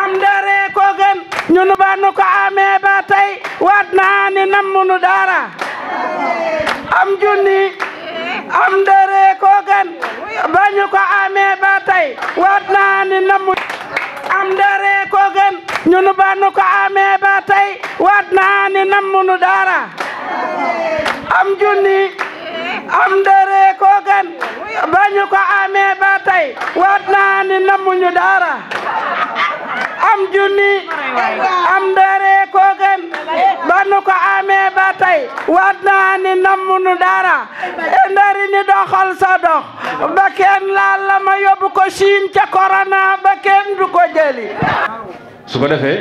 am dare ko gën ñun ba nu ko amee ba tey waat naa ni nammunu dara am junni am dare ko gën ba ñu ko amee ba tey waat naa ni nammu am dare ko gën ñun ba nu ko amee ba tey waat naa ni nammunu dara am junni am dare koo gën ba ko amee ba tey waat naa ni namuñu am junni am ndere koo gën ba ko amee ba tey waat naa ni namuñu dara ndari ni doxal sa dox ba kenn laal ma yóbbu ko Chine ca corona ba kenn du ko jëli su ko defee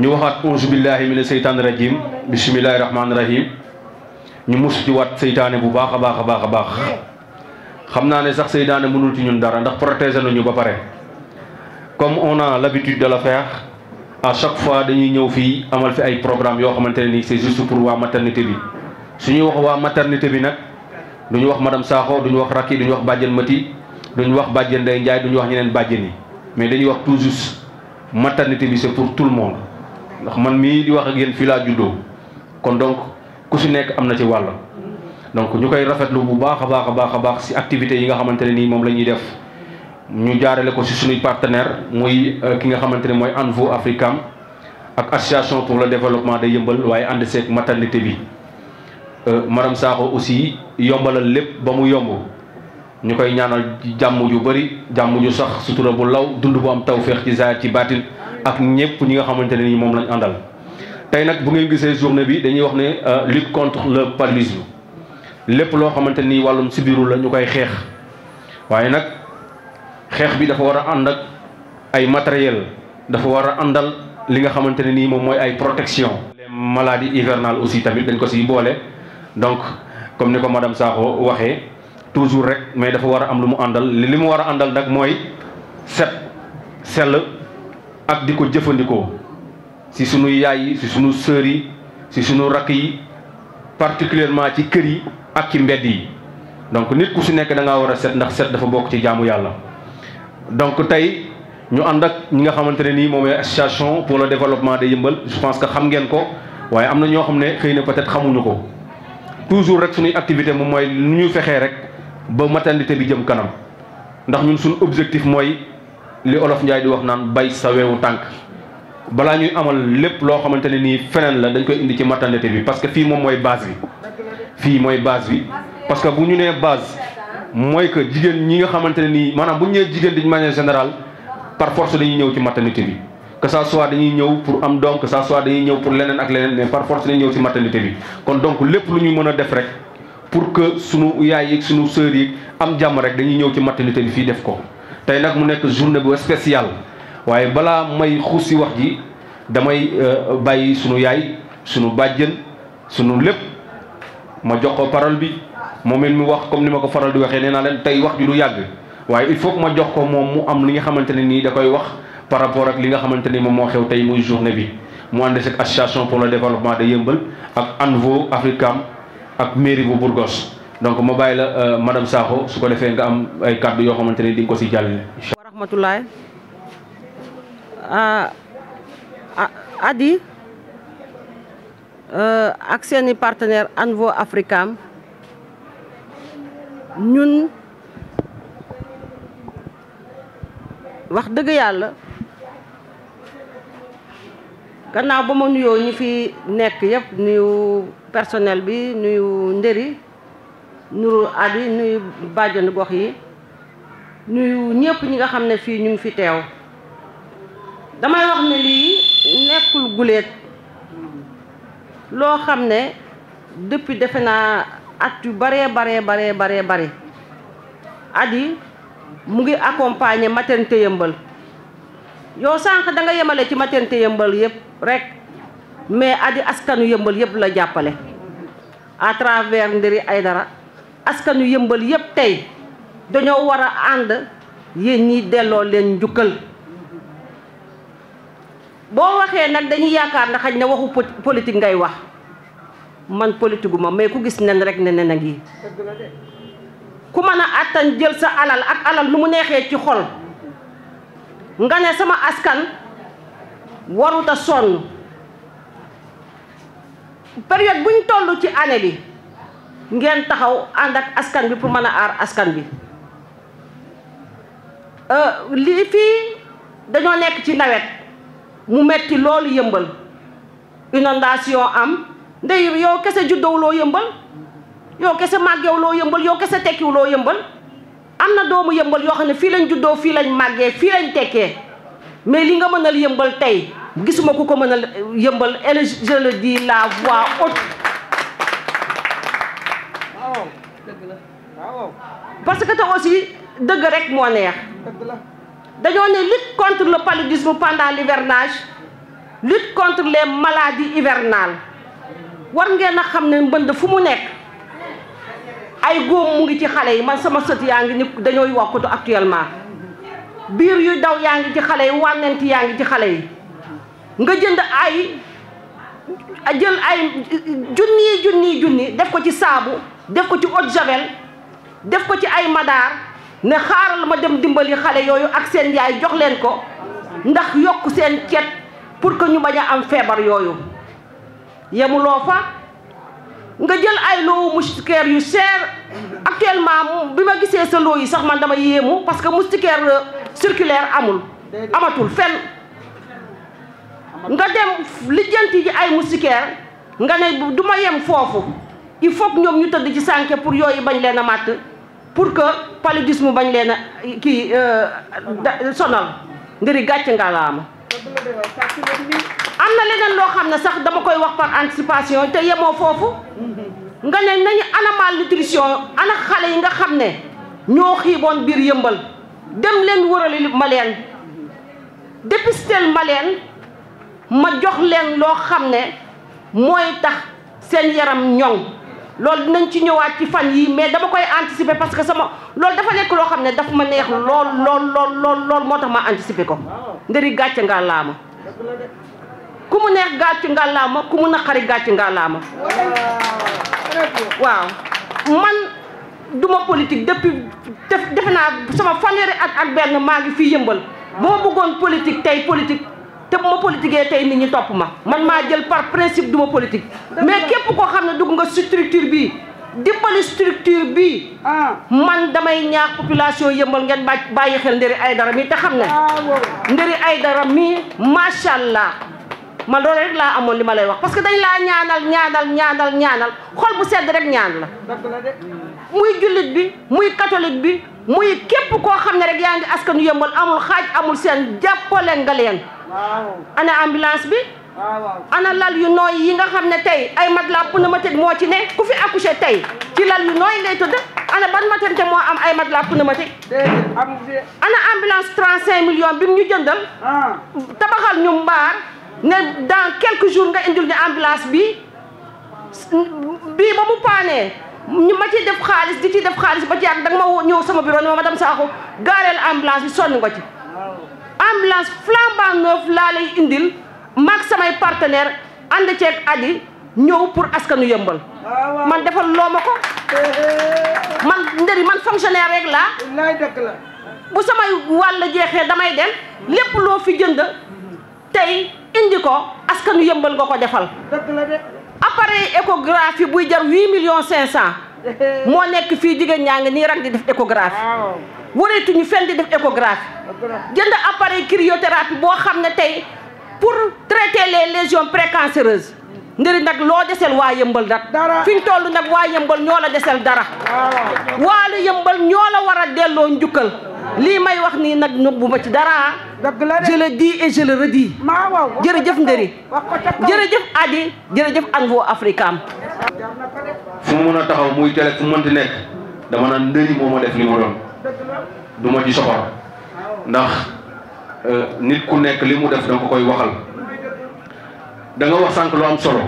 ñu waxaat auzu billahi mina seytaani rajim bismillahi rahmaani rahim ñu mus ci wat seytane bu baax a baax baax xamna ne sax seytaane mënul ci ñun dara ndax protéger nañu ba paré comme on a l'habitude de le faire à chaque fois dañuy ñëw fi amal fi ay programme yo xamante ni c'est juste pour wa maternité bi suñu wax wa maternité bi nak duñu wax madame saxo duñu wax rakki duñu wax badjen Mati duñu wax badjen day Ndiaye duñu wax ñeneen badjen ni mais dañuy wax tout juste maternité bi c'est pour tout le monde ndax man mi di wax ak yeen fi la juddoo kon donc ku si nekk am na ci wàll donc ñu koy rafetlu bu baax a baax a baax a baax si activités yi nga xamante ne nii moom la ñuy def ñu jaarale ko si suñuy partenaire muy euh, ki nga xamante ne mooy ANVO Africam ak association pour le développement de yëmbal waaye ànd seeg bi euh, madame Sakho aussi yombalal lépp ba mu yomb ñu koy ñaanal jàmm ju bëri jàmm ju sax sutura bu law dund bu am tawféex ci zaahir ci baatin ak ñëpp ñi nga xamante ne nii moom lañ àndal tey nag bu ngeen gisee journée bi dañuy wax ne euh, lutte contre le paludisme lépp loo xamante ni wàllum sibiru la ñu koy xeex waaye nag xeex bi dafa war a ànd ak ay matériel dafa war a àndal li nga xamante ne nii moom mooy ay protection les hivernal hivernales aussi tamit dañ ko siy boole donc comme ni ko madame Sakho waxee toujours rek mais dafa war a am lu mu àndal li mu war a àndal nag mooy set sel ak di ko jëfandikoo si sunu yaay yi si sunu sœurs yi si sunu rak yi particulièrement ci kër yi ak ci mbedd yi donc nit ku si nekk da nga war a set ndax set dafa bokk ci jaamu yàlla donc tey ñu ànd ak ñi nga xamante ne nii moom association pour le développement de Yeumbeul je pense que xam ngeen ko waaye am na ñoo xam ne xëy na peut-être xamuñu ko toujours rek suñuy activité moom mooy nu ñuy fexee rek ba maternité bi jëm kanam ndax ñun suñu objectif mooy li olof Njaay di wax naan bay sa weewu tànk balaa ñuy amal lépp loo xamante ne nii feneen la dañ koy indi ci maternité bi parce que fii moom mooy baas bi fii mooy base bi parce que bu ñu nee base mooy que jigéen ñi nga xamante ne nii maanaam bu ñu nee jigéen d'une manière générale par force dañuy ñëw ci maternité bi que ça soit dañuy ñëw pour am donc que ça dañuy ñëw pour leneen ak leneen mais par force dañuy ñëw ci maternité bi kon donc lépp lu ñu mën a def rek pour que sunu yaay yi sunu sœurs yi am jàmm rek dañuy ñëw ci maternité bi fii def ko tey nag mu nekk journée bu spéciale waye bala may xusi wax ji damay euh, bayyi sunu yaay sunu bàjjen sunu lepp ma jox ko parole bi moom mi wax comme nima ko faral di waxe neena len tay wax ji du yag waye il faut ma jox ko mom mu am li nga xamanteni ni da koy wax par rapport ak li nga xamanteni mom mo xew tay muy journée bi mo ande ak association pour le développement de yembal ak ANVO Africam ak mairie bu Burgos donc ma bayila madam euh, madame saxo su ko defé nga am ay cadeau yo xamanteni di ko si jàllale. ADI ak seeni partenaire ANVO Africam ñun wax dëgg yàlla gannaaw ba ma nuyoo ñi fi nekk yëpp nuyu personnel bi nuyu ndëri nuyu abi nuyu bàjjenu gox yi nuyu ñëpp ñi nga xam ne fii ñu ngi fi teew damay wax ne lii nekkul guléet loo xam ne depuis defe naa at yu baree baree baree baree bare at yi mu ngi accompagner maternité yëmbal yow sànq danga yemale ci maternité yëmbal yëpp rek mais adi askanu yëmbal yëpp la jàppale à travers Ndéri Aidara askanu yëmbal yëpp tey dañoo war a ànd yéen ñi delloo leen njukkal bo waxee nak dañuy yaakaar na xajna waxu politique ngay wax man politique ma mais ku gis nen rek ne nen a ku mana jël sa alal ak alal lu mu nexé ci xol nga ne sama askan waruta a sonn période buñ tollu ci année bi ngeen taxaw andak askan bi pour mana ar askan bi euh, li fi dañu nek ci nawet mu metti lolou yëmbal inondation am ndey yo kese juddou lo yëmbal yo kese màggew lo yëmbal yo kese tekki lo yëmbal am na doomu yëmbal yo xam fi lañ juddou fi lañ màggee fi lañ tekkee mais li nga mënal yëmbal tay, gisuma ku ko mënal euh, yëmbal et je le dis la voix haute parce que te aussi deug rek mo neex dañoo ne lutte contre le paludisme pendant l'hivernage lutte contre les maladies hivernales war ngeen a xam ne mbënd fu mu nekk ay góom mu ngi ci xale yi man sama sët yaa ngi ni dañooy wokkutu actuellement biir yu daw yaa ngi ci xale yi wànnent yaa ngi ci xale yi nga jënd ay jël ay junni junni def ko ci saabu def ko ci eau de javel def ko ci ay madaar ne xaaral ma dem dimbali xale yooyu ak seen yaay jox leen ko ndax yokk seen cet pour que ñu bañ a am feebar yooyu yemuloo fa nga jël ay loowu moustiquaire yu cher actuellement bi ma gisee sa loo yi sax man dama yéemu parce que moustiquaire euh, circulaire amul amatul fenn nga dem lijjanti ji ay moustiquaire nga ne du ma yem foofu il faut ñoom ñu tëdd ci sànke pour yooyu bañ leen a màtt pour que mu bañ leen a kii euh, sonal ngir gàcc ngalaama am na leneen loo xam ne sax dama koy wax par anticipation te yemoo foofu nga ne nañu ana malnutrition ana xale yi nga xam ne ñoo xiiboon mbir yëmbal dem leen wërali maleen dépistel maleen ma jox leen loo xam ne mooy tax seen yaram ñoŋ loolu dinañ ci ñëwaat ci fan yi mais dama koy anticiper parce que sama loolu dafa nekk loo xam ne daf ma neex lool lool lool lool lool moo tax ma anticiper ko ndëri gàcce nga laama ku mu neex gàcce nga laama ku mu naqari gàcce nga laama waaw man duma politique depuis def defe naa sama fanweeri at ak benn maa ngi fi yëmbal bu ma bëggoon politique tey politique té bu ma politiquee nit ñi top ma man ma jël par principe duma politique mais képp ko xamné ne nga structure bii dimbali structure bi ah. man damay ñaax population yëmbal ngeen bàyyi xel ndéri ay dara mi té xamné ne ay ah, dara mi machallah allah man loolu rek la amoon li ma lay wax parce que dañ la ñaanal ñaanal ñaanal ñaanal xol bu sedd rek ñaan la muy julit bi muy catholique bi muy képp ko xamné rek yaangi askanu yëmbal amul xaj amul sen jàppale ngalen ana ambulance bi ana lal yu nooy yi nga xam ne tey ay mat matelas pneumatique moo ci ne ku fi accouché tey ci lal yu nooy ngay tëdd ana ban maternité moo am ay matelas pneumatique ana ambulance 35 millions bi mu ñu jëndal ah. tabaxal ñu mbaar ne dans quelques jours nga indil ñu ambulance bi bii ba mu paanee ma ciy def xaalis di ciy def xaalis ba ci yàgg danga ma ñëw sama bureau ne ma madame Sakho gaareel ambulance bi sonn nga ci ambulance flambant neuf laa lay indil maag samay partenaire ànd ceeg aji ñëw pour askanu yëmbal man defal loo ma ko man ndëri man fonctionnaire rek laa bu samay wàll jeexee damay dem lépp loo fi jënd tey indi ko askanu yëmbal nga ko defal appareil échographie buy jar huit million cinq cent moo nekk fii jigéen ñaa ngi nii rek di def échographie ñu fenn di def échographie jënd appareil cryothérapie boo xam ne tey pour traiter les lésions précancéreuses ndëri nag loo desel waa yëmbal nag fi ñu toll nag waa yëmbal ñoo la desel dara waalu yëmbal ñoo la war a delloo njukkal lii may wax nii nag nëbbu ma ci dara je le dis et je le redis jërëjëf ndëri jërëjëf Adi jërëjëf Anvo Africam fu mu mën a taxaw muy télé fu mënti nekk dama naan ndëri moo ma def li ma doon du ma ci soxor ndax euh, nit ku nekk li mu def danga koy waxal danga wax sànq lu am solo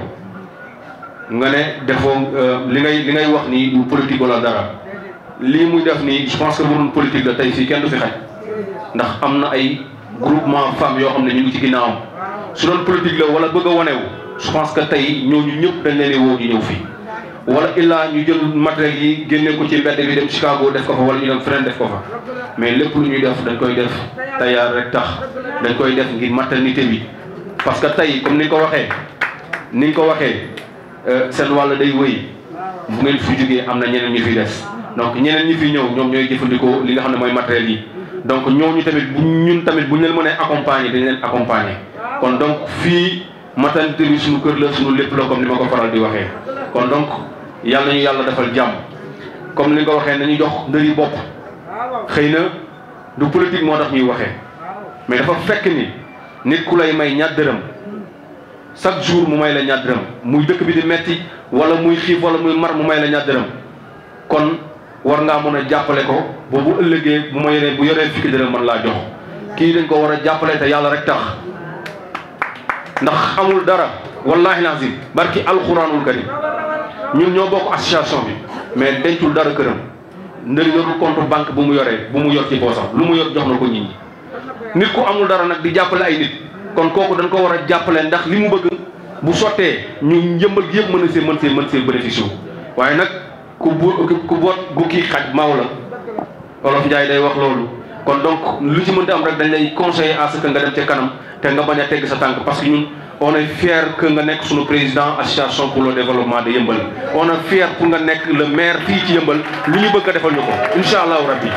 nga ne defoo euh, li ngay li ngay wax nii du politique wala dara lii mu def nii je pense que bu doon politique la tey fii kenn du fi xaj ndax am na ay groupement femmes yoo xam ne ñu ngi ci ginnaawam su doon politique la wala bëgg a wanewu je pense que tey ñooñu ñëpp dañ leen woo ñu ñëw fii. wala illa ñu jël matériel yi génné ko ci mbedd bi dem Chicago def ko fa wala ñu dem feneen def ko fa mais lepp lu ñuy def dañ koy def tayar rek tax dañ koy def ngir maternité bi parce que tay comme niñ ko waxé niñ ko waxé euh sen walla day wëy bu ngeen fi jógee amna ñeneen ñu fi def donc ñeneen ñi fi ñëw ñom ñoy jëfëndiko li nga xamné moy matériel yi donc ñooñu tamit bu ñun tamit bu ñu leen mëne accompagner dañ leen accompagner kon donc fi matan bi sunu kër la sunu lepp la comme ni ma ko faral di waxee kon donc yàlla ñu yàlla defal jàmm comme ni nga ko waxee nañu jox ndëri bopp xëy na du politique moo tax ñuy waxee mais dafa fekk ni nit ku lay may ñaar dërëm chaque jour mu may la ñaar dërëm muy dëkk bi di metti wala muy xiif wala muy mar mu may la ñaar kon war ngaa mën a jàppale ko boobu ëllëgee bu ma yeneen bu yoree fukki dërëm mën laa jox kii dañ ko war a jàppale te yàlla rek tax ndax amul dara wallaahi lazim barki alxuraanul karim ñun ñoo bokk association bi mais dencul dara kërëm ndër yorul compte banque bu mu yoré bu mu yor ci boosam lu mu yor jox na ko nit ñi nit ku amul dara nak di jappalé ay nit kon koku dañ ko wara jappalé ndax li mu bëgg bu soté ñu ñëmbal gi yëpp mën a see mën sé mën see bénéfice wu waaye nag ku bu ku bot gu ki xaj mawla wala fi njaay day wax lolu kon donc lu ci mënti am rek dañ lay conseiller à ce que nga dem ci kanam té nga baña tégg sa tank parce que ñun on est fier que nga nek sunu président association pour le développement de yembal on est fier pour nga nek le maire fi ci yembal li ñu bëgg defal ñuko inshallah rabbi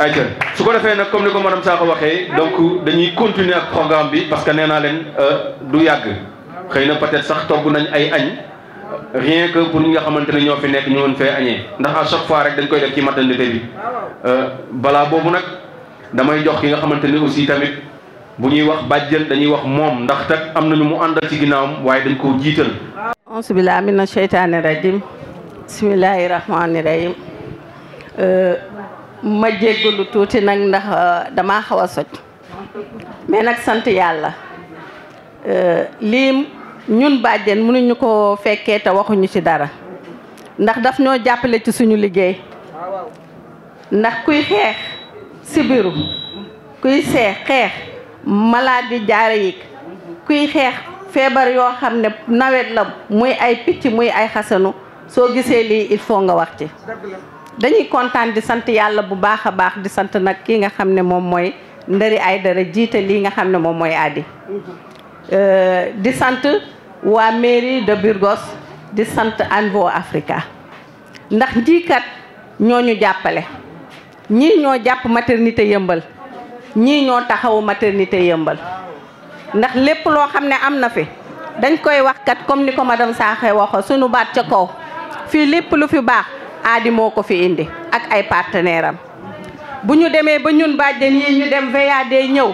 ay rabbi su ko defé nak comme ni ko madame sako waxé donc dañuy continuer ak programme bi parce que néna len euh du yàgg xeyna peut être sax togu nañ ay añ rien que pour ñi nga xamanteni ne ñoo fi nekk ñu won fé añee ndax à chaque fois rek dañ koy def ci maternité bi euh, bala bobu nak damay jox ki nga xamanteni aussi tamit bu ñuy wax bàjjen dañuy wax moom ndax tak am na ñu mu àndal ci ginnaawam waaye dañ koo jiital auzu billaahi mina sheytaani rajim bismillaahi rahmaani rahim ma lu tuuti nag ndax dama xaw a soj mais nag sant yàlla lii ñun bàjjen mënuñu ko fekkee te waxuñu ci dara ndax daf ñoo jàppale ci suñu liggéey ndax kuy xeex sibiru kuy seex xeex maladie diarrhéique kuy xeex feebar yoo xam ne nawet la muy ay picc muy ay xasanu soo gisee lii il faut nga wax ci dañuy kontaan di sant yàlla bu baax a baax di sant nag kii nga xam ne moom mooy Ndari Aidara jiite lii nga xam ne moom mooy Adi euh, di sant waa mairie de Burgos di sant Anvo Africa ndax njiikat ñoo ñu jàppale ñii ñoo jàpp maternité yëmbal ñii ñoo taxawu maternité yëmbal ndax lépp loo xam ne am na fi dañ koy wax kat comme ni ko madame Sakhe waxo suñu baat ca kaw fii lépp lu fi baax aadi moo ko fi indi ak ay partenaire am bu ñu demee ba ñun bàjjen yi ñu dem VAD ñëw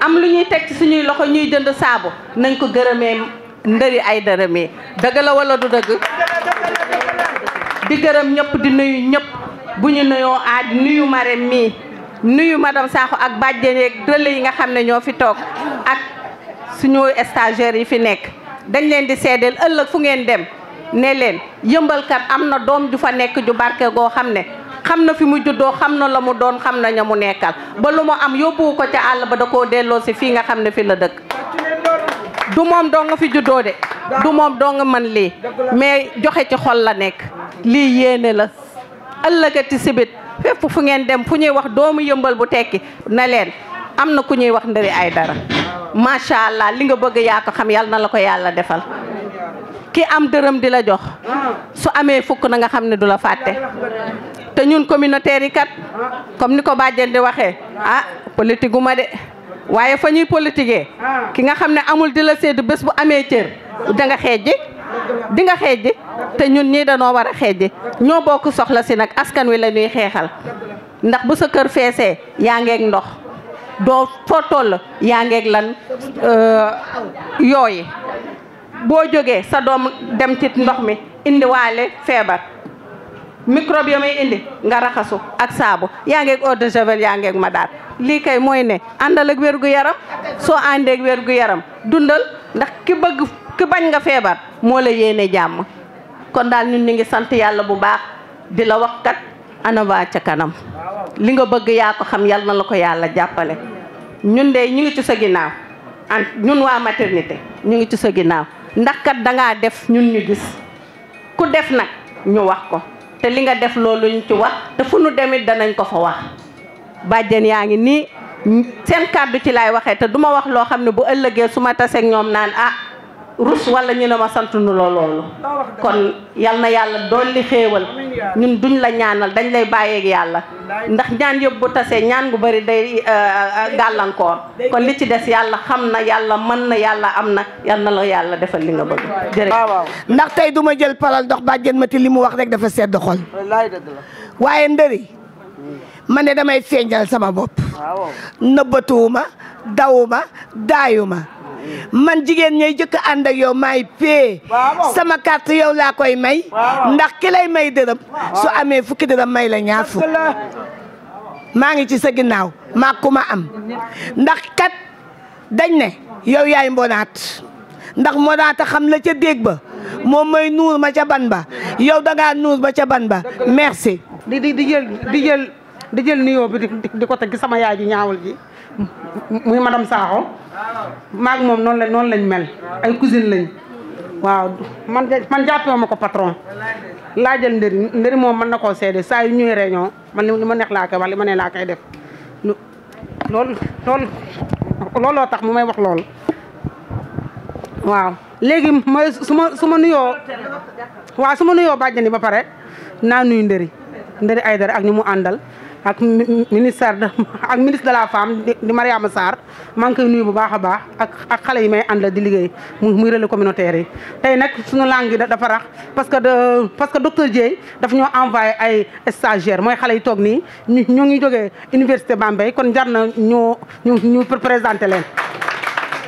am lu ñuy teg ci suñuy loxo ñuy jënd saabu nañ ko gërëmee ndëri ay dërëmee dëgg la wala du dëgg di gërëm ñëpp di nuyu ñëpp bu ñu nuyoo aadi nuyu Marème mii nuyu madame Sakho ak bàjjen yeeg relais yi nga xam ne ñoo fi toog ak suñu stagiaires yi fi nekk dañ leen di seedeel ëllëg fu ngeen dem ne leen yëmbalkat am na doom ju fa nekk ju barke goo xam ne xam na fi mu juddoo xam na la mu doon xam na ña mu nekkal ba lu mu am yóbbuwu ko ca àll ba da koo delloo si fii nga xam ne fi la dëkk du moom doo nga fi juddoo de du moom doo nga mën lii mais joxe ci xol la nekk lii yéene la ëllëgati sibit fépp fu ngeen dem fu ñuy wax doomu yëmbal bu tekki na leen am na ku ñuy wax ay dara macha allah li nga bëgg yaa ko xam yàlla na la ko yàlla defal ki am dërëm di la jox su amee fukk na nga xam ne du la fàtte te ñun communautaire yi kat comme ni ko bàjjen di waxee ah politique ma de waaye fa ñuy politiquer ki nga xam ne amul di la sédd bés bu amee cër danga nga xeej di nga xeej ji te ñun ñii danoo war a xeej ñoo bokk soxla si nag askan wi la ñuy xeexal ndax bu sa kër feesee yaa ngeek ndox doo foo toll yaa ngeeg lan euh, yooy boo jógee sa doom dem ci ndox mi indiwaale feebar microbe ya may indi nga raxasu ak saabu yaa ngeeg eau de javel yaa ngeeg ma daat lii kay mooy ne àndalak ak wér gu yaram soo àndeeg wér yaram dundal ndax ki bëgg ku bañ nga feebar moo la yéene jàmm kon daal ñun ñu ngi sant yàlla bu baax di la wax kat ana waa ca kanam li nga bëgg yaa ko xam yal na la ko yàlla jàppale ñun de ñu ngi ci sa ginnaaw an ñun waa maternité ñu ngi ci sa ginnaaw ndax kat dangaa def ñun ñu gis ku def nag ñu wax ko te li nga def loolu ñu ci wax te fu nu demit danañ ko fa wax bàjjen yaa ngi nii seen kàddu ci laay waxee te duma wax loo xam ne bu ëllëgee su ma taseeg ñoom naan ah rus wala ñu ne ma sant nu la loolu kon yal na yàlla dolli xéewal ñun duñ la ñaanal dañ lay bàyyeeg yàlla ndax ñaan yëpp bu tasee ñaan gu bari day euh, euh, gàllankoor kon li ci des yàlla xam na yàlla mën na yàlla am na yal na la yàlla defal li nga bëgg jërëjëf ndax tey duma jël palal ndox bàjjen ma ti li mu wax rek dafa sedd xol waaye ndëri hmm. ma ne damay feeñal sama bopp nëbbatuwuma dawuma daayuma man jigéen ñay jëkk ànd ak yow maay pee sama carte yow laa koy may ndax ki lay may dërëm su amee fukki dërëm may la ñaar fukk maa ngi ci sa ginnaaw maa ku ma am ndax kat dañ ne yow yaay mbonaat ndax mbonaat a xam la ca déeg ba moom may nuur ma ca ban ba yow dangaa nuur ma ca ban ba merci di di di jël di jël di jël nuyoo bi di ko teg sama yaay ji ñaawal ji muy madame Sakho maag moom noonu la noonu lañ mel ay cousine lañ waaw man man jàppee ma ko patron laajal ndëri ndëri moom mën na koo seede saa yu ñëwee réunion man li ma neex laa koy wax li ma ne laa koy def loolu loolu looloo tax mu may wax loolu waaw léegi mooy su ma su ma nuyoo waaw su ma nuyoo bàjjani ba pare naa nuyu ndëri ndëri ay dara ak ñu mu àndal ak ministère de ak ministre de la femme di Mariama Sarr maa ngi koy bu baax a baax ak ak xale yi may àndal di liggéey muy relais communautaire yi. tey nag suñu langue yi dafa rax parce que de parce que docteur Dieye daf ñoo envoyé ay stagiaires mooy xale yi toog nii ñu ñoo ngi jógee université Bambey kon jar na ñu ñu ñu présenté leen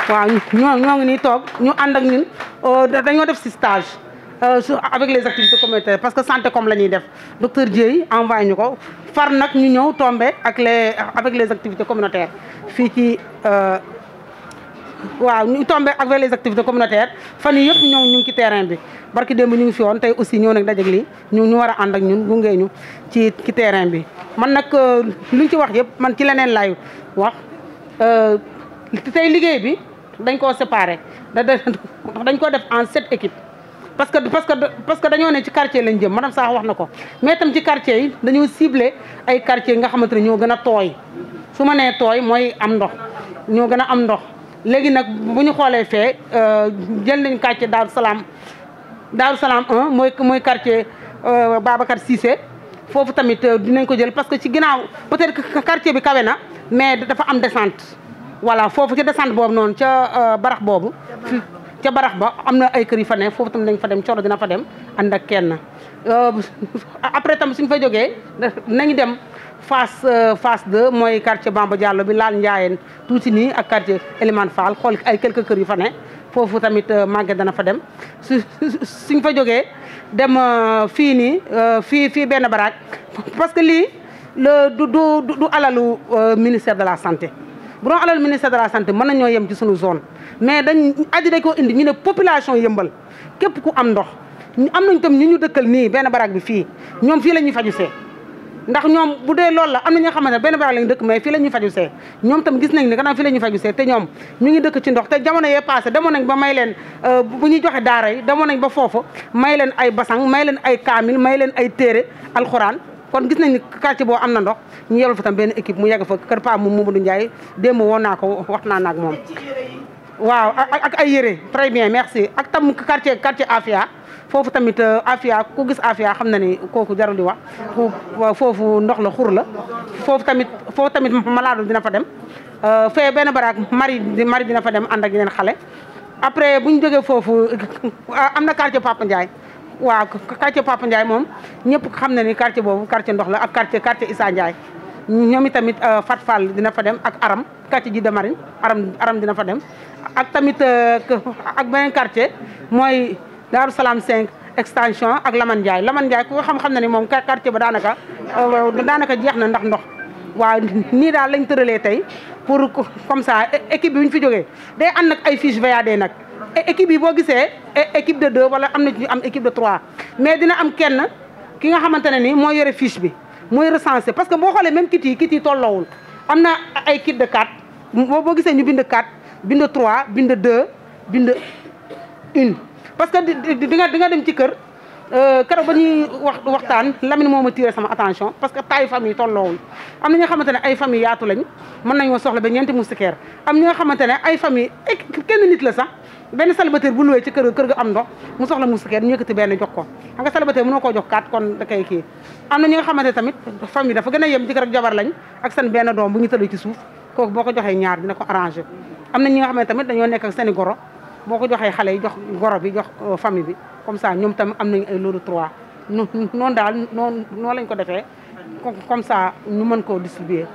waa ñoo ñoo ngi nii toog ñu ànd ak ñun euh, dañoo def si stage. Euh, avec les activités communautaires parce que santé comme la ñuy def docteur Dieye envoyé ñu ko far nag ñu ñëw tombe ak les avec les activités communautaires fii ci euh, waaw ñu tombé avec les activités communautaires fan yii yëpp ñëw ñu ngi ci terrain bi barki démb ñu ngi fi woon tey aussi ñëw nag dajeg lii ñu ñu war a ànd ak ñun gunge ñu ci ci terrain bi man nag euh, luñ ci wax yëpp man ci leneen laay wax tey liggéey bi dañ koo séparé da dañ koo def en sept équipes parce que parce que parce que dañoo ne ci quartier lañ jëm madame Sakho wax na ko mais itam ci quartier yi dañoo ciblé ay quartier nga xamante ne ñoo gën a tooy su ma nee tooy mooy am ndox ñoo gën a am ndox léegi nag bu ñu xoolee fee euh, jël nañ quartier Daaru Salaam Daaru Salaam 1 mooy mooy quartier euh, Babacar Cissé foofu tamit euh, dinañ ko jël parce que ci ginnaaw peut-être que quartier bi kawe na mais dafa am descente voilà foofu ci descente boobu noonu ca barax boobu ca barax ba am na ay kër yu fa ne foofu tam nañ fa dem coro dina fa dem ànd ak kenn euh, après tam suñ fa jógee nañ dem face euh, face 2 mooy quartier Bamba Diallo bi laal Njaayeen tuuti nii ak quartier Elimane Fall xool ay quelques kër yu fa ne foofu tamit euh, màgget dana fa dem suñ fa jógee dem fii nii fii fii benn baraak parce que lii du du du alalu ministère de la santé bu alal ministre de la santé mën nañu yem ci suñu zone mais dañ adi dañ ko indi ñu population yëmbal képp ku am ndox am nañ tam ñu ñu dëkkal ni benn baraag bi fi ñom fi lañu ñuy faju see ndax ñom bu dé lool la am na ñoo xamante ne benn baraag lañ dëkk mais fi lañu ñuy faju see ñoom tam gis nañ ni gannaaw fi lañu ñuy faju see te ñom ñu ngi dëkk ci ndox te jamono yé passé dama nañ ba may leen bu ñuy joxe daara yi dama nañ ba fofu may leen ay basang may leen ay kamil may leen ay téré alcorane kon gis nañ ni quartier boo am na ndox ñu yelu fa tam benn équipe mu yegg fa kër Pa mu Mamadou Ndiaye démb woon naa ko wax naa naag moom waaw ak ay yére très bien merci ak tam quartier quartier Afia foofu tamit euh, Afia ku gis Afia xam na ni kooku jarul di wax foofu ndox la xur la foofu tamit foofu tamit malaadu dina fa dem euh, fee benn baraak mari mari dina fa dem ànd ak yeneen xale après bu ñu jógee foofu am na quartier Papa Ndiaye waaw quartier Papa Ndiaye moom ñëpp xam na ni quartier boobu quartier ndox la ak quartier quartier Issa Ndiaye ñoom tamit euh, Fat Fall dina fa dem ak Aram quartier ji de Marine Aram Aram dina fa dem ak tamit euh, ak beneen quartier mooy Daaru Salaam 5 extension ak Laman njaay Laman Ndiaye ku ko xam-xam na ni moom quartier ba daanaka euh, daanaka jeex na ndax ndox waa nii daal lañ tëralee tey pour comme ça équipe bi ñu fi jógee day ànd nag ay fiche VAD nag équipe équipe de 2 wala équipe de 3 mais dina am kenn ki nga xamantene ni fiche parce que xolé même kiti kiti amna ay kit de 4 bo ñu bind quatre bind trois bind deux bind 1 parce que di dem ci kër euh, ba wax waxtaan Lamine moma sama attention parce que famille ay famille yaatu lañ mën nañu soxla ba moustiquaire am ay kenn nit la sax benn célibataire bu luwee ci kër kër ga am ndox mu soxla moustiquaire ñu yëkkati benn jox ko xam nga célibataire mënoo koo jox kaat kon da kii am na ñi nga xamante tamit famille dafa gën a yem jëkkër ak jabar lañ ak seen benn doom bu ñu tëdd ci suuf kooku boo ko joxee ñaar dina ko arrangé am na ñi nga xamante tamit dañoo nekk ak seen i goro boo ko joxee xale yi jox goro bi jox euh, famille bi comme ça ñoom tamit am nañu ay loolu trois noon daal noonu noonu lañ ko defee comme ça ñu mën koo distribuer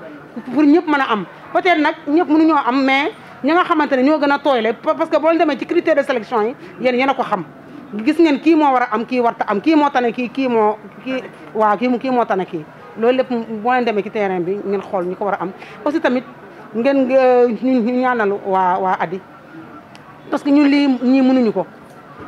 pour ñëpp mën a am peut-être nag ñëpp mënuñoo am mais ña nga xamante ne ñoo gën a tooyle parce que boo demee ci critère de sélection yi yéen yéen a ko xam gis ngeen kii moo war a am kii warta am kii moo tane kii kii moo kii waaw kii kii moo tane kii loolu lépp boo leen demee ci terrain bi ngeen xool ñu ko war a am aussi tamit ngeen euh, ñu ñaanal waa waa addi parce que ñun lii ñii mënuñu ko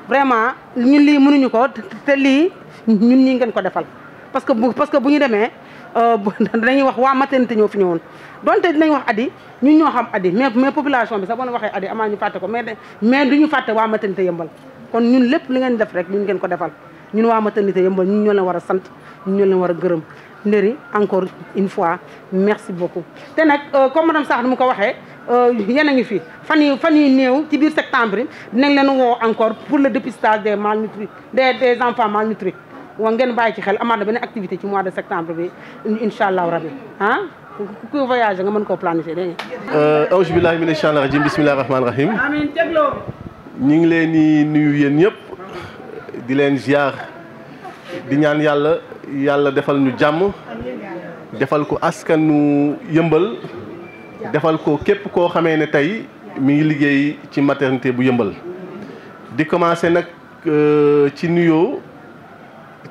vraiment ñun lii mënuñu ko te lii ñun ñii ngeen ko defal parce que parce que bu ñu demee Euh, danañuy wax waa maternité ñoo fi ñëwoon donte dinañ wax adi ñun ñoo xam adi mais mais population bi sax boo waxee adi amaa ñu fàtte ko mais mais du ñu fàtte waa maternité yëmbal kon ñun lépp li ngeen def rek ñun ngeen ko defal ñun waa maternité yëmbal ñun ñoo leen war a sant ñun ñoo leen war a gërëm Ndéri encore une fois merci beaucoup te nag euh, comme madame Sarr mu ko waxee euh, yéen a ngi fi fan yu fan yu néew ci biir septembre dinañ leen woo encore pour le dépistage des malnutris des des enfants malnutris wa ngeen bàyyi ci xel amaat na beneen activité ci mois de septembre bi incha allahu rabi ah ku voyage nga mën koo planifier dégg nga. Euh, auzu billahi mina rahim. amiin ngi leen di nuyu yéen ñëpp di leen ziar di ñaan yàlla yàlla defal ñu jàmm defal ko askanu yëmbal defal ko képp koo xamee ne tey mi ngi liggéey ci maternité bu yëmbal di commencé nag euh, ci nuyoo.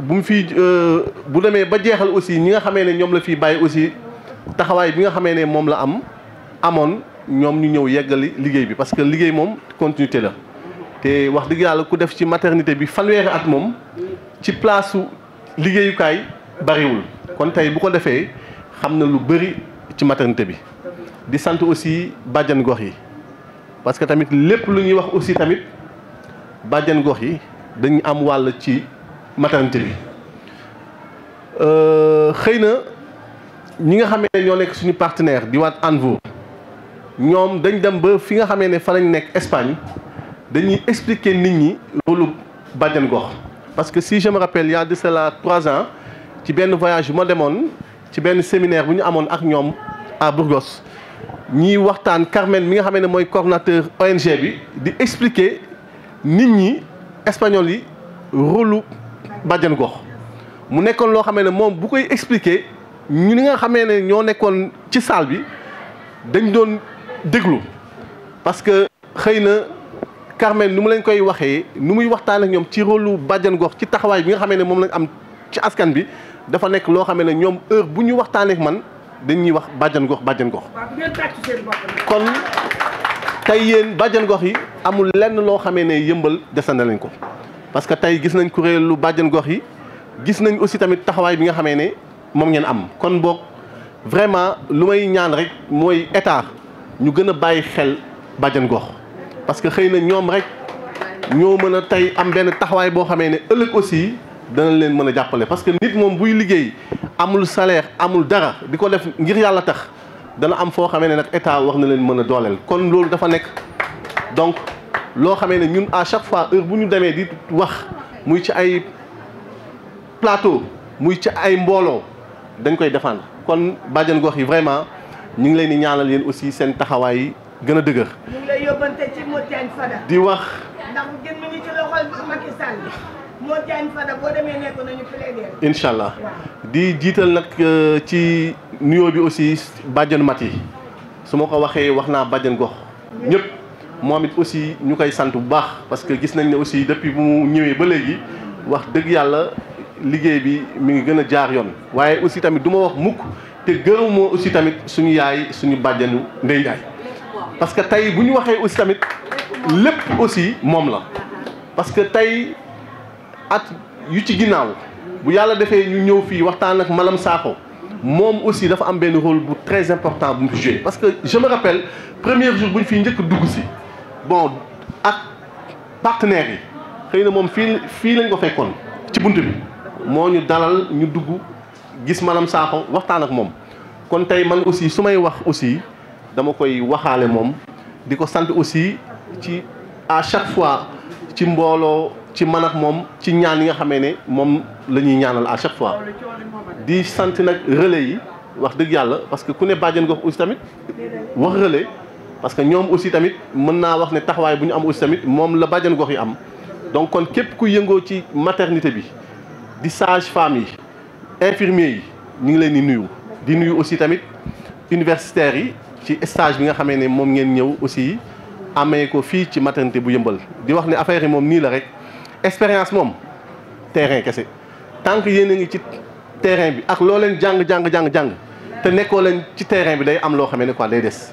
bu mu fii euh, bu demee ba jeexal aussi ñi nga xamee ne ñoom la fii bàyyi aussi taxawaay bi nga xamee ne moom la am amoon ñoom ñu ñëw yeggali liggéey bi parce que liggéey moom continuité la te wax dëgg yàlla ku def ci maternité bi fanweeri at moom ci place su liggéeyukaay bariwul kon tey bu ko defee xam na lu bëri ci maternité bi di sant aussi bàjjan gox yi parce que tamit lépp lu ñuy wax aussi tamit bàjjan gox yi dañu am wàll ci maternité bi euh, xëy na ñi nga xamee ñoo suñu partenaire di waat ANVO ñoom dañ dem ba fi nga xamé né fa lañ Espagne dañuy expliquer nit ñi lolu bàjjan gox parce que si je me rappelle il y a de cela trois ans ci ben voyage bu ma ci ben séminaire bu ñu amone ak ñom à Burgos ñi waxtaan Carmen mi nga xamé né moy coordinateur ONG bi di expliquer nit ñi espagnol yi rôle bàjjan gox mu nekkoon loo xamee ne moom bu koy expliquer ñu ni nga xamee ne ñoo nekkoon ci salle bi dañ doon déglu parce que xëy na Carmen nu mu leen koy waxee nu muy waxtaan ak ñoom ci rôlu bàjjan gox ci taxawaay bi nga xamee ne moom lañ am ci askan bi dafa nekk loo xamee ne ñoom heure bu ñu waxtaanee man dañuy wax bàjjangoox gox kon tey yéen bàjjan gox yi amul lenn loo xamee ne yëmbal desana lañ ko parce que tey gis nañ kuréelu bàjjan gox yi gis nañ aussi tamit taxawaay bi nga xamee ne moom ngeen am kon boog vraiment lu may ñaan rek mooy état ñu gën a bàyyi xel bàjjan gox parce que xëy na ñoom rek ñoo mën a tey am benn taxawaay boo xamee ne ëllëg aussi danañ leen mën a jàppale parce que nit moom buy liggéey amul salaire amul dara di ko def ngir yàlla tax dana am foo xamee ne nag état wax na leen mën a dooleel kon loolu dafa nekk donc loo xamee ne ñun à chaque fois heure bu ñu demee di wax muy ci ay plateau muy ci ay mbooloo dañ koy défendre kon bàjjan gox yi vraiment ñu ngi leen di ñaanal yéen aussi seen taxawaay gën a dëgër. di wax. ndax allah di jiital nag euh, ci nuyoo bi aussi bàjjan mat yi su ma ko waxee wax naa bàjjan gox ñëpp. moom it aussi ñu koy sant bu baax parce que gis nañ ne aussi depuis bu mu ñëwee ba léegi wax dëgg yàlla liggéey bi mi ngi gën a jaar yoon waaye aussi tamit du ma wax mukk te gërëmoo aussi tamit suñu yaay suñu bàjjanu Ndeye Ndiaye parce que tey bu ñu waxee aussi tamit lépp aussi moom la parce que tey at yu ci ginnaaw bu yàlla defee ñu ñëw fii waxtaan ak Malam Sakho moom aussi dafa am benn rôle bu très important bu mu joué parce que je me rappelle premier jour bu ñu dugg si bon ak partenaires yi xëy na moom fii fii lañ ko fekkoon ci bunt bi moo ñu dalal ñu dugg gis maanaam Sakho waxtaan ak moom kon tey man aussi su may wax aussi dama koy waxaale moom di ko sant aussi ci à chaque fois ci mbooloo ci man ak moom ci ñaan yi nga xamee ne moom la ñuy ñaanal à chaque fois di santi nag relais yi wax dëgg yàlla parce que ku ne bàjjen gox aussi tamit wax relais parce que ñom aussi tamit mën naa wax ne taxway buñu am aussi tamit mom la bàjjan gox yi am donc kon képp ku yëngo ci maternité bi di sage femme yi infirmier yi ñi ngi leen di nuyu di nuyu aussi tamit universitaires yi ci stage bi nga xamee ne moom ngeen ñëw aussi amee ko fii ci maternité bu yëmbal di wax ne affaire yi moom nii la rek expérience moom terrain kese tant que yéen a ngi ci terrain bi ak loo leen jàng jàng jàng jàng te nekkoo leen ci terrain bi day am loo xamee ne quoi day des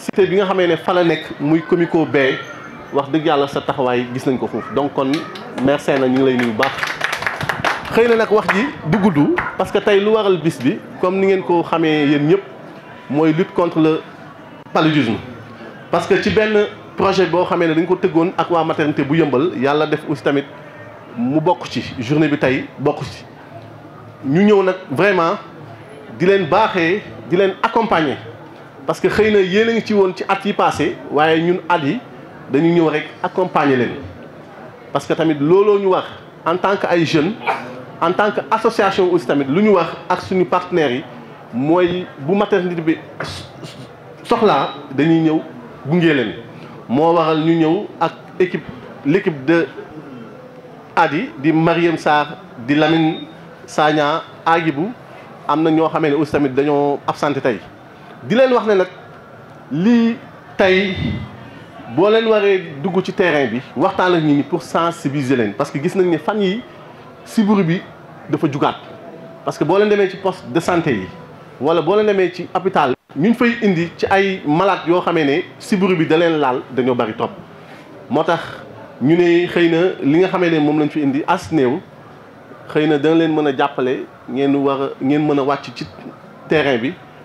cité bi nga xamé né fa la nek muy comico bay wax dëgg yalla sa taxaway gis nañ ko foofu donc kon merci na ñu lay nuyu baax xëy na nag wax ji du gudd parce que tay lu waral bis bi comme ni ngeen ko xamé yeen ñëpp moy lutte contre le paludisme parce que ci ben projet bo xamé ne dañ ko teggone ak wa maternité bu yëmbal yalla def aussi tamit mu bok ci journée bi tay bok ci ñu ñëw nak vraiment di leen baxé di leen accompagner parce que xeyna na ngi ci won ci at yi passé waye ñun at dañu ñëw rek accompagner leen parce que tamit lolo ñu wax en tant que ay jeunes en tant que association aussi tamit lu ñu wax ak suñu partenaire yi moy bu maternité bi soxla dañuy ñëw gunge leen mo waral ñu ñëw ak équipe l'équipe de Adi di Mariam Sarr di Lamine Sagna Agibou amna ño xamé aussi tamit dañoo absenté tay di leen wax ne nag lii tey boo leen waree dugg ci terrain bi waxtaan ak nit ñi pour sensibiliser leen parce que gis nañ ni fan yi siburu bi dafa jugaat parce que boo leen demee ci poste de santé yi wala boo leen demee ci hôpital ñu fay indi ci ay malaat yoo xamee ne siburu bi da leen laal dañoo bari trop moo tax ñu ne xëy na li nga xamee ne moom lañ fi indi as néew xëy na dana leen mën a jàppale ngeen war ngeen mën a wàcc ci terrain bi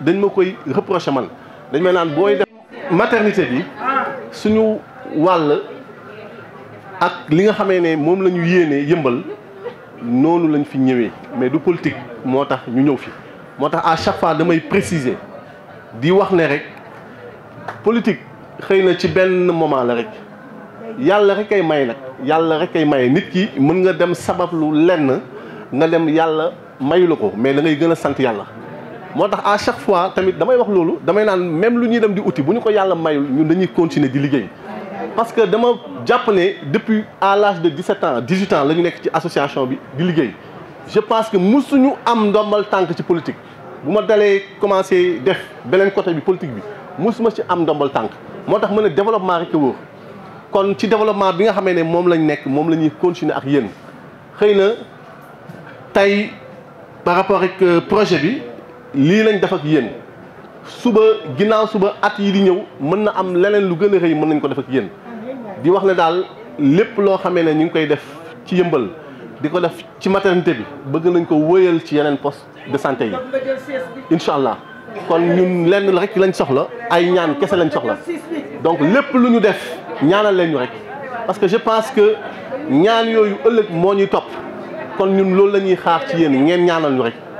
dañ ma koy reproché man dañ ma naan booy def maternité bi suñu wàll ak li nga xamee ne moom la ñu yéenee yëmbal noonu lañ fi ñëwee mais du politique moo tax ñu ñëw fi moo tax à chaque fois damay préciser di wax ne rek politique xëy na ci benn moment la rek yàlla rek ay may nag yàlla rek ay may nit ki mën nga dem sabab lu lenn nga dem yàlla mayu la ko mais da ngay gën a sant yàlla motax à chaque fois tamit damay wax lolu damay naan même lu ñuy dem di uti bu ko yalla mayul ñun dañuy continuer di liggéey parce que dama japp né depuis à l'âge de 17 ans 18 ans lañu nek ci association bi di liggéey je pense que musuñu am ndombal tank ci politique buma ma dalee commencé def beneen côté bi politique bi musuma ci am ndombal tank motax tax développement rek wóor kon ci développement bi nga xamé né mom lañ nek mom lañuy continuer ak yeen xeyna tay par rapport avec euh, projet bi lii lañ def ak yéen suba ginnaaw suba at yi di ñëw mën na am leneen lu gën a rëy mën nañ ko def ak yéen di wax ne daal lépp loo xamee ne ñu ngi koy def ci yëmbal di ko def ci maternité bi bëgg nañ ko wëyal ci yeneen poste de sante yi incha allah kon ñun lenn rek lañ soxla ay ñaan kese lañ soxla donc lépp lu ñu def ñaanal leen ñu rek parce que je pense que ñaan yooyu ëllëg moo ñuy topp kon ñun loolu la ñuy xaar ci yéen ngeen ñaanal ñu rek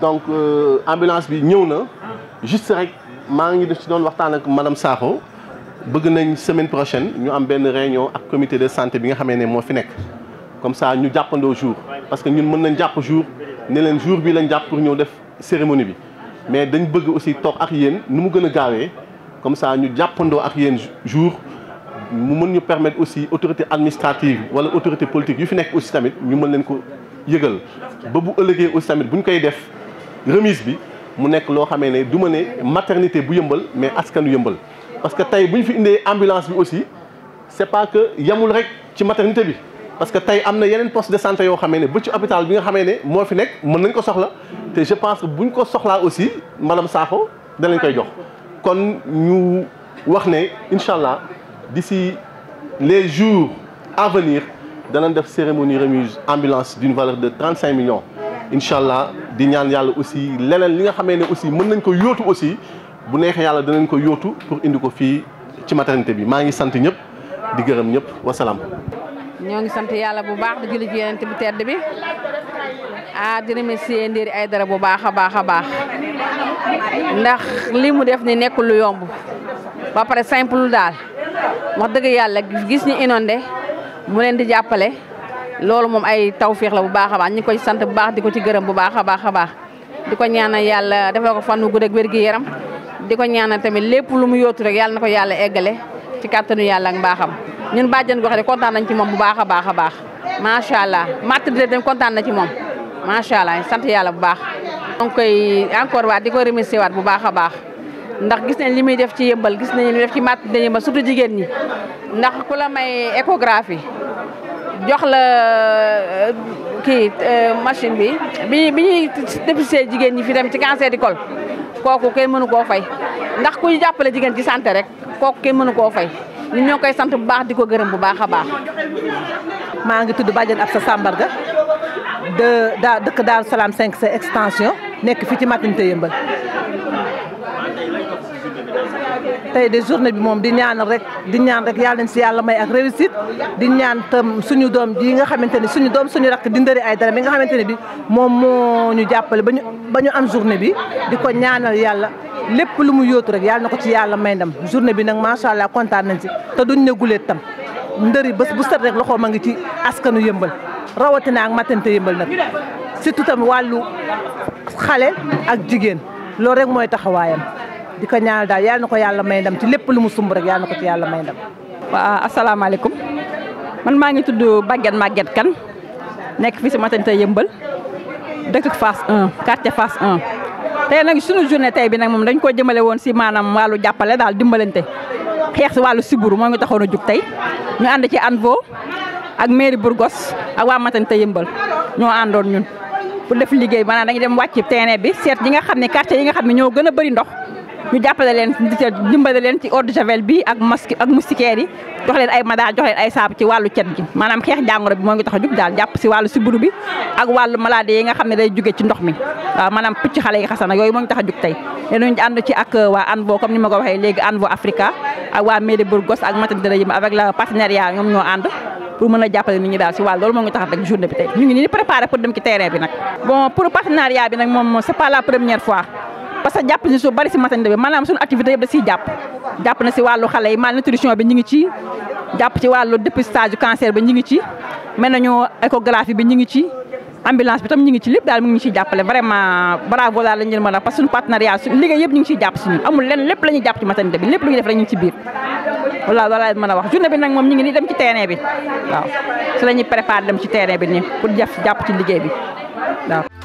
donc euh, ambulance bi ñëw na juste rek maa ngi def ci doon waxtaan ak madame Sakho bëgg nañ semaine prochaine ñu am benn réunion ak comité de santé bi nga xamee ne moo fi nekk comme ça ñu jàppandoo jour parce que ñun mën nañ jàpp jour ne leen jour bi lañ jàpp pour ñëw def cérémonie bi mais dañ bëgg aussi toog ak yéen nu mu gën a comme ça ñu jàppandoo ak yéen jour mu mën ñu permettre aussi autorité administrative wala autorité politique yu fi nekk aussi tamit ñu mën leen ko yëgal ba bu ëllëgee aussi tamit bu ñu koy def remise bi mu nek lo xamé né duma né maternité bu yëmbal mais askanu yëmbal parce que tay buñ fi indé ambulance bi aussi c'est pas que yamul rek ci maternité bi parce que tay amna yenen poste de santé yo xamé né bu ci hôpital bi nga xamé né mo fi nek mën nañ ko soxla té je pense que ko soxla aussi madame Sakho lañ koy jox kon ñu wax né inshallah d'ici les jours à venir dans def cérémonie remise ambulance d'une valeur de 35 millions inshallah di ñaan yàlla aussi leneen li nga xamee ne aussi mën nañ ko yóotu aussi bu neexee yàlla danañ ko yóotu pour indi ko fii ci maternité bi maa ngi sant ñëpp di gërëm ñëpp wasalaam. ñoo ngi sant yàlla bu baax di julli ci yeneen bi tedd bi ah di remercier ay dara bu baax a baax a baax ndax li mu def ni nekkul lu yomb ba pare simple daal wax dëgg yàlla gis ñu inondé mu leen di jàppale. loolu moom ay tawféex la bu baax a baax ñu koy sant bu baax di ko ci gërëm bu baax a baax a baax di ko ñaanal yàlla defal ko fan wu gudd wér gi yaram di ko ñaanal tamit lépp lu mu yóotu rek yàlla na ko yàlla eggale ci kàttanu yàlla ak mbaaxam ñun bàjjen gox de kontaan nañ ci moom bu baax a baax a baax macha allah maternité dem kontaan na ci moom macha allah sant yàlla bu baax. donc encore waat di ko remercier waat bu baax a baax ndax gis nañ li muy def ci yëmbal gis nañ li muy def ci maternité yëmbal surtout jigéen ñi ndax ku la may échographie jox la euh, kii euh, machine bi bi bi ñuy dépisté jigéen ñi fi dem ci cancer du col kooku kenn mënu koo fay ndax kuy jàppale jigéen ci sante rek kooku kenn mënu koo fay ñun ñoo koy sant bu baax di ko gërëm bu baax a baax. maa ngi tudd Badiane Absa Sambarga de daa dëkk daal Salaam 5 sa extension nekk fii ci maternité Yeumbeul. tey de journée bi moom di ñaan rek di ñaan rek yàlla nañ si yàlla may ak réussite di ñaan tam suñu doom ji nga xamante ne suñu doom suñu rakk di ndëri ay dara mi nga xamante ne bi moom moo ñu jàppale ba ñu ba ñu am journée bi di ko ñaanal yàlla lépp lu mu yootu rek yàlla na ko ci yàlla may ndam journée bi nag macha allah kontaan nañ si te duñ ne guleet tam ndëri bés bu set rek loxo ma ngi ci askanu yëmbal rawatina ak matante yëmbal nag surtout tam wàllu xale ak jigéen loolu rek mooy taxawaayam diko ñaanal daal yalla nako yalla may ndam ci lepp lu mu sumb rek yalla nako ci yalla may ndam. wa assalamu alaykum man ma ngi tudd Baguette Maguette Kane nekk fii si maternité yëmbal dëkk phase 1 quartier phase 1. tay nak suñu journée tay bi nak mom dañ ko jëmele won ci manam walu jappalé daal dimbalante xex ci walu siburu mo ngi taxono juk tay ñu and ci ANVO ak mairie Burgos ak waa maternité yembal ño andon ñun. bu def liggey maanaam dañuy dem wacc téné bi seet yi nga xam quartier yi nga xam ño gëna bari ndox ñu jàppale leen dimbale leen ci eau de javel bi ak masque ak moustiquaire yi jox leen ay madaar jox leen ay saabu ci wàllu cet gi maanaam xeex jàngoro bi moo ngi tax a jóge ci ndox mi waaw maanaam pucc xale yi xasana yooyu moo ngi tax a jug tey danañ ànd ci ak waa ANVO comme ni ma ko waxee léegi ANVO Africa ak waa Mairie ak Matam Dara Yimba avec ñoo ànd pour mën a jàppale nit ñi daal si wàll loolu moo ngi tax rek journée bi tey ñu ngi nii préparé parce que jàpp na su bari si maternité bi maanaam suñu activité yëpp da jàpp jàpp na si wàllu xale yi malnutrition bi ñu ngi ci jàpp ci wàllu dépistage cancer bi ñu ngi ci mel nañu échographie bi ñu ngi ci ambulance bi tam ñu ngi ci lépp daal mu ngi ciy jàppale vraiment bravo daal lañ leen mën a parce que suñu partenariat suñu liggéey yëpp ñu ngi ciy jàpp si ñun amul lenn lépp la ñuy jàpp ci maternité bi lépp lu def rek ñu ngi ci biir wala wala nag moom ñu ngi nii dem ci terrain bi waaw la ñuy préparé dem ci bi nii jàpp ci liggéey bi waaw